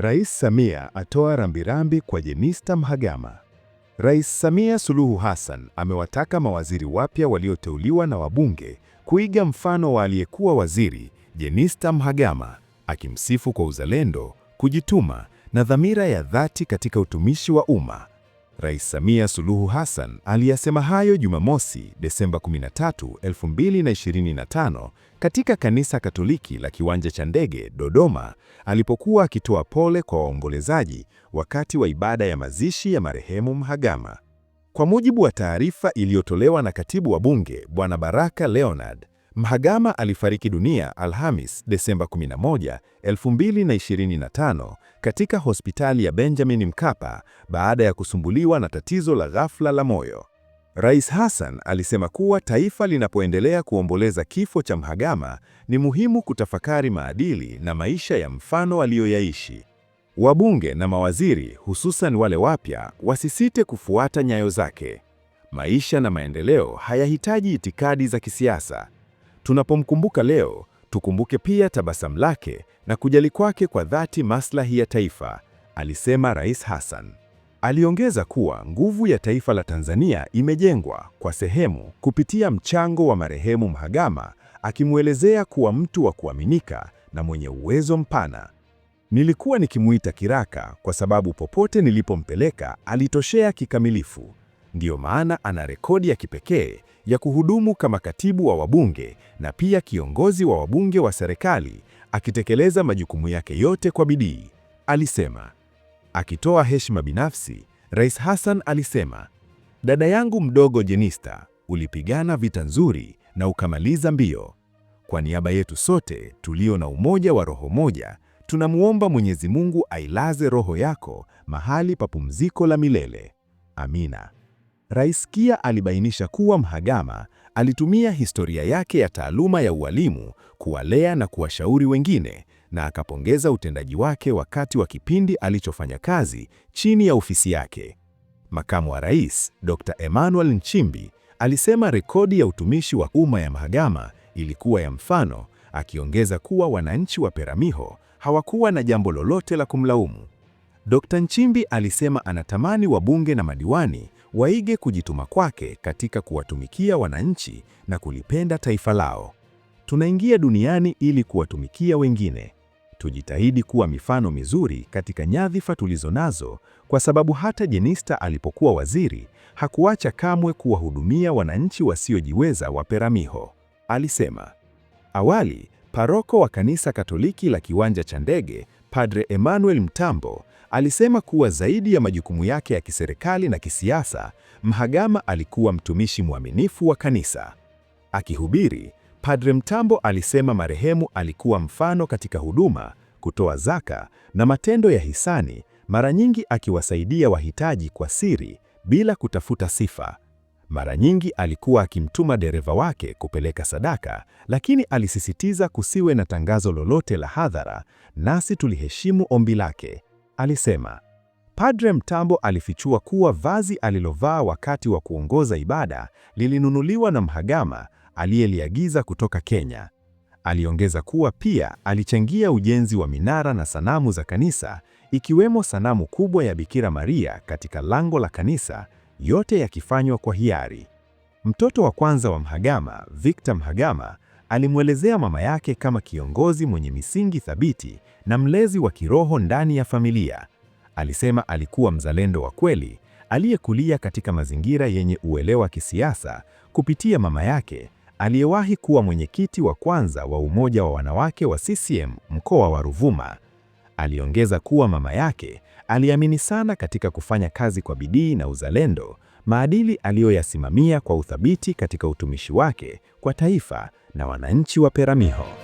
Rais Samia atoa rambirambi kwa Jenista Mhagama. Rais Samia Suluhu Hassan amewataka mawaziri wapya walioteuliwa na wabunge kuiga mfano wa aliyekuwa waziri Jenista Mhagama, akimsifu kwa uzalendo, kujituma na dhamira ya dhati katika utumishi wa umma. Rais Samia Suluhu Hassan aliyasema hayo Jumamosi, Desemba 13, 2025 katika Kanisa Katoliki la Kiwanja cha Ndege, Dodoma, alipokuwa akitoa pole kwa waombolezaji wakati wa ibada ya mazishi ya marehemu Mhagama. Kwa mujibu wa taarifa iliyotolewa na Katibu wa Bunge, Bwana Baraka Leonard, Mhagama alifariki dunia Alhamis, Desemba 11, 2025 katika hospitali ya Benjamin Mkapa baada ya kusumbuliwa na tatizo la ghafla la moyo. Rais Hassan alisema kuwa taifa linapoendelea kuomboleza kifo cha Mhagama ni muhimu kutafakari maadili na maisha ya mfano aliyoyaishi. Wabunge na mawaziri, hususan wale wapya, wasisite kufuata nyayo zake. Maisha na maendeleo hayahitaji itikadi za kisiasa. Tunapomkumbuka leo, tukumbuke pia tabasamu lake na kujali kwake kwa dhati maslahi ya taifa, alisema Rais Hassan. Aliongeza kuwa nguvu ya taifa la Tanzania imejengwa kwa sehemu kupitia mchango wa marehemu Mhagama, akimwelezea kuwa mtu wa kuaminika na mwenye uwezo mpana. Nilikuwa nikimuita kiraka kwa sababu popote nilipompeleka alitoshea kikamilifu. Ndiyo maana ana rekodi ya kipekee ya kuhudumu kama katibu wa wabunge na pia kiongozi wa wabunge wa serikali, akitekeleza majukumu yake yote kwa bidii. Alisema akitoa heshima binafsi, Rais Hassan alisema, dada yangu mdogo Jenista, ulipigana vita nzuri na ukamaliza mbio. Kwa niaba yetu sote tulio na umoja wa roho moja, tunamwomba Mwenyezi Mungu ailaze roho yako mahali pa pumziko la milele. Amina. Rais Kia alibainisha kuwa Mhagama alitumia historia yake ya taaluma ya ualimu kuwalea na kuwashauri wengine na akapongeza utendaji wake wakati wa kipindi alichofanya kazi chini ya ofisi yake. Makamu wa Rais, Dr. Emmanuel Nchimbi, alisema rekodi ya utumishi wa umma ya Mhagama ilikuwa ya mfano, akiongeza kuwa wananchi wa Peramiho hawakuwa na jambo lolote la kumlaumu. Dr. Nchimbi alisema anatamani wabunge na madiwani waige kujituma kwake katika kuwatumikia wananchi na kulipenda taifa lao. Tunaingia duniani ili kuwatumikia wengine. Tujitahidi kuwa mifano mizuri katika nyadhifa tulizo nazo, kwa sababu hata Jenista alipokuwa waziri hakuacha kamwe kuwahudumia wananchi wasiojiweza wa Peramiho. Alisema awali paroko wa kanisa Katoliki la Kiwanja cha Ndege Padre Emmanuel Mtambo alisema kuwa zaidi ya majukumu yake ya kiserikali na kisiasa, Mhagama alikuwa mtumishi mwaminifu wa kanisa. Akihubiri, Padre Mtambo alisema marehemu alikuwa mfano katika huduma, kutoa zaka na matendo ya hisani, mara nyingi akiwasaidia wahitaji kwa siri bila kutafuta sifa. Mara nyingi alikuwa akimtuma dereva wake kupeleka sadaka, lakini alisisitiza kusiwe na tangazo lolote la hadhara, nasi tuliheshimu ombi lake. Alisema, Padre Mtambo alifichua kuwa vazi alilovaa wakati wa kuongoza ibada lilinunuliwa na mhagama aliyeliagiza kutoka Kenya. Aliongeza kuwa pia alichangia ujenzi wa minara na sanamu za kanisa, ikiwemo sanamu kubwa ya Bikira Maria katika lango la kanisa yote yakifanywa kwa hiari. Mtoto wa kwanza wa Mhagama, Victor Mhagama, alimwelezea mama yake kama kiongozi mwenye misingi thabiti na mlezi wa kiroho ndani ya familia. Alisema alikuwa mzalendo wa kweli aliyekulia katika mazingira yenye uelewa kisiasa kupitia mama yake aliyewahi kuwa mwenyekiti wa kwanza wa umoja wa wanawake wa CCM mkoa wa Ruvuma. Aliongeza kuwa mama yake Aliamini sana katika kufanya kazi kwa bidii na uzalendo, maadili aliyoyasimamia kwa uthabiti katika utumishi wake kwa taifa na wananchi wa Peramiho.